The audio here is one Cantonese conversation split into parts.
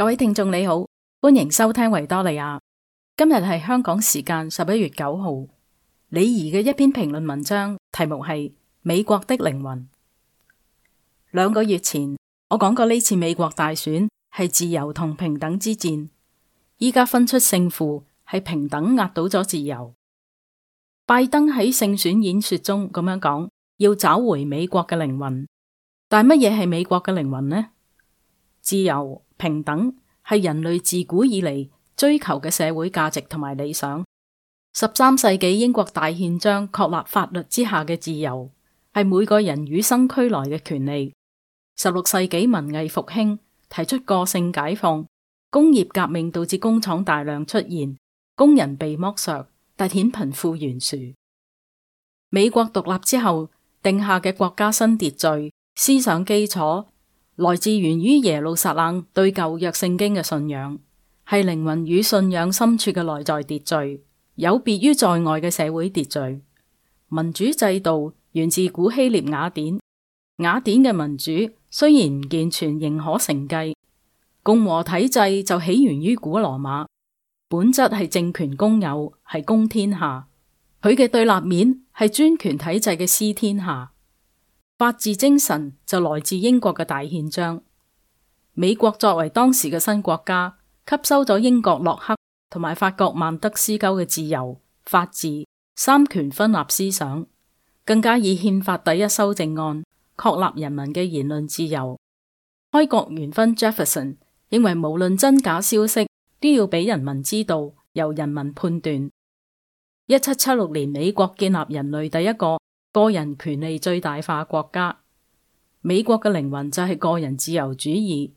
各位聽眾你好，歡迎收聽維多利亞。今日係香港時間十一月九號，李怡嘅一篇評論文章，題目係《美國的靈魂》。兩個月前，我講過呢次美國大選係自由同平等之戰，依家分出勝負係平等壓倒咗自由。拜登喺勝選演說中咁樣講，要找回美國嘅靈魂，但乜嘢係美國嘅靈魂呢？自由。平等，係人類自古以嚟追求嘅社會價值同埋理想。十三世紀英國大憲章確立法律之下嘅自由，係每個人與生俱來嘅權利。十六世紀文藝復興，提出個性解放，工業革命導致工廠大量出現，工人被剝削，凸顯貧富懸殊。美國獨立之後定下嘅國家新秩序，思想基礎。來自源於耶路撒冷對舊約聖經嘅信仰，係靈魂與信仰深處嘅內在秩序，有別於在外嘅社會秩序。民主制度源自古希臘雅典，雅典嘅民主雖然唔健全，仍可承繼。共和體制就起源於古羅馬，本質係政權公有，係公天下。佢嘅對立面係專權體制嘅私天下。法治精神就來自英國嘅大憲章。美國作為當時嘅新國家，吸收咗英國洛克同埋法國孟德斯鳩嘅自由、法治、三權分立思想，更加以憲法第一修正案確立人民嘅言論自由。開國元勳 Jefferson 認為，無論真假消息都要俾人民知道，由人民判斷。一七七六年，美國建立人類第一個。個人權利最大化國家，美國嘅靈魂就係個人自由主義。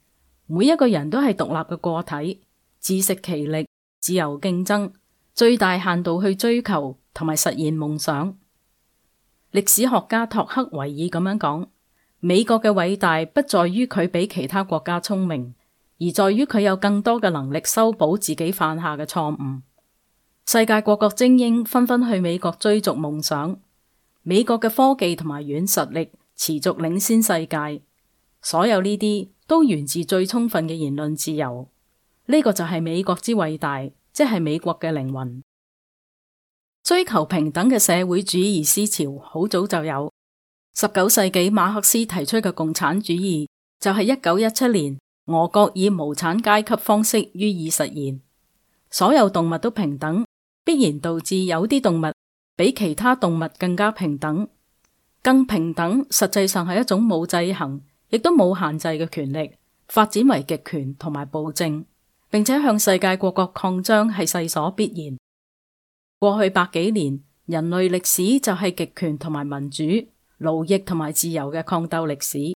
每一個人都係獨立嘅個體，自食其力，自由競爭，最大限度去追求同埋實現夢想。歷史學家托克維爾咁樣講：美國嘅偉大不在於佢比其他國家聰明，而在於佢有更多嘅能力修補自己犯下嘅錯誤。世界各國精英紛紛去美國追逐夢想。美國嘅科技同埋軟實力持續領先世界，所有呢啲都源自最充分嘅言論自由。呢個就係美國之偉大，即係美國嘅靈魂。追求平等嘅社會主義思潮好早就有，十九世紀馬克思提出嘅共產主義就係一九一七年俄國以無產階級方式予以實現。所有動物都平等，必然導致有啲動物。比其他動物更加平等。更平等實際上係一種冇制衡，亦都冇限制嘅權力，發展為極權同埋暴政，並且向世界各國擴張，係勢所必然。過去百幾年人類歷史就係極權同埋民主、奴役同埋自由嘅抗鬥歷史。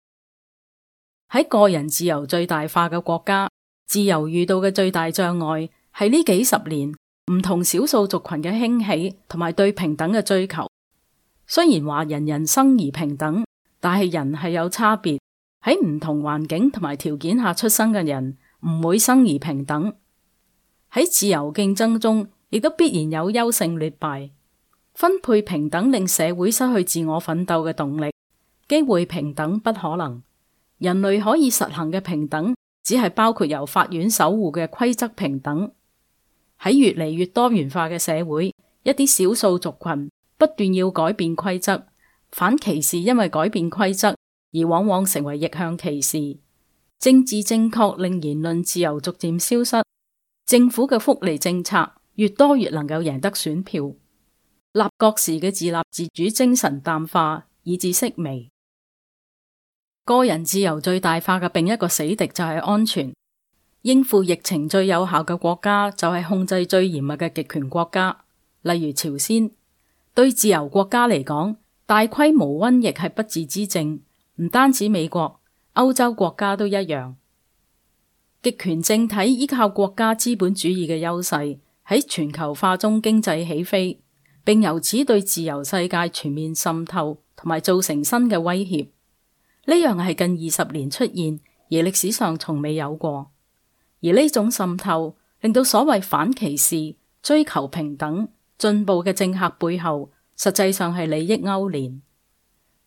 喺個人自由最大化嘅國家，自由遇到嘅最大障礙係呢幾十年，唔同少數族群嘅興起同埋對平等嘅追求，雖然話人人生而平等，但係人係有差別。喺唔同環境同埋條件下出生嘅人唔會生而平等。喺自由競爭中，亦都必然有優勝劣敗。分配平等令社會失去自我奮鬥嘅動力。機會平等不可能。人類可以實行嘅平等，只係包括由法院守護嘅規則平等。喺越嚟越多元化嘅社會，一啲少數族群不斷要改變規則，反歧視因為改變規則而往往成為逆向歧視。政治正確令言論自由逐漸消失，政府嘅福利政策越多越能夠贏得選票，立國時嘅自立自主精神淡化以至式微，個人自由最大化嘅另一個死敵就係安全。應付疫情最有效嘅國家就係控制最嚴密嘅極權國家，例如朝鮮。對自由國家嚟講，大規模瘟疫係不治之症，唔單止美國，歐洲國家都一樣。極權政體依靠國家資本主義嘅優勢喺全球化中經濟起飛，並由此對自由世界全面滲透，同埋造成新嘅威脅。呢樣係近二十年出現，而歷史上從未有過。而呢種滲透令到所謂反歧視、追求平等、進步嘅政客背後，實際上係利益勾連。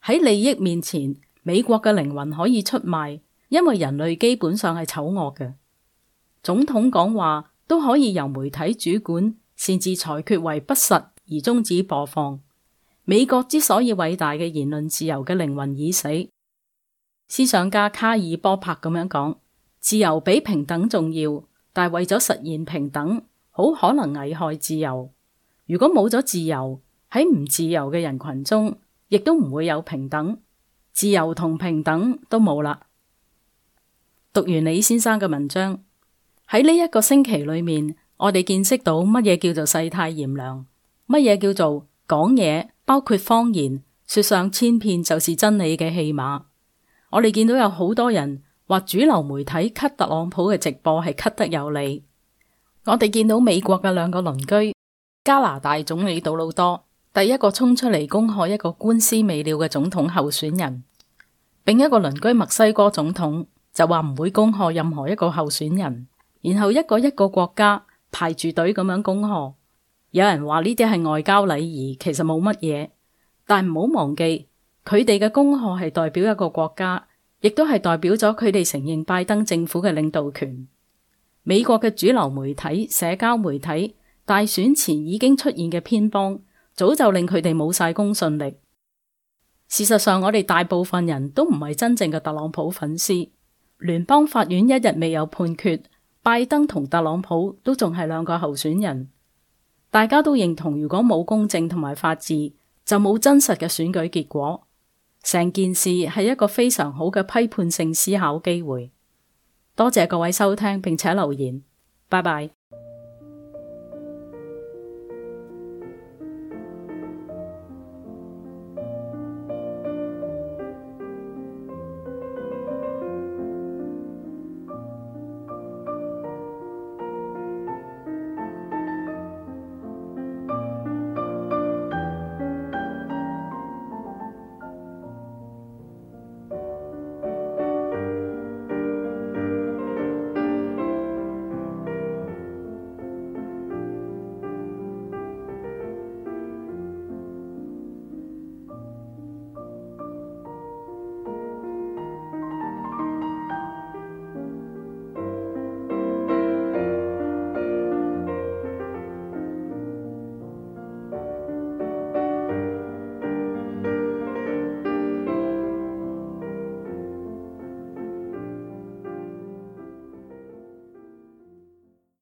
喺利益面前，美國嘅靈魂可以出賣，因為人類基本上係醜惡嘅。總統講話都可以由媒體主管擅自裁決為不實而終止播放。美國之所以偉大嘅言論自由嘅靈魂已死。思想家卡爾波柏咁樣講。自由比平等重要，但係為咗實現平等，好可能危害自由。如果冇咗自由，喺唔自由嘅人群中，亦都唔會有平等。自由同平等都冇啦。讀完李先生嘅文章，喺呢一個星期裏面，我哋見識到乜嘢叫做世態炎涼，乜嘢叫做講嘢包括謊言，說上千遍就是真理嘅戲碼。我哋見到有好多人。或主流媒體 cut 特朗普嘅直播係 cut 得有理，我哋見到美國嘅兩個鄰居加拿大總理杜魯多第一個衝出嚟恭賀一個官司未了嘅總統候選人，另一個鄰居墨西哥總統就話唔會恭賀任何一個候選人，然後一個一個國家排住隊咁樣恭賀。有人話呢啲係外交禮儀，其實冇乜嘢，但唔好忘記佢哋嘅恭賀係代表一個國家。亦都係代表咗佢哋承認拜登政府嘅領導權。美國嘅主流媒體、社交媒體大選前已經出現嘅偏幫，早就令佢哋冇晒公信力。事實上，我哋大部分人都唔係真正嘅特朗普粉絲。聯邦法院一日未有判決，拜登同特朗普都仲係兩個候選人。大家都認同，如果冇公正同埋法治，就冇真實嘅選舉結果。成件事係一個非常好嘅批判性思考機會。多謝各位收聽並且留言，拜拜。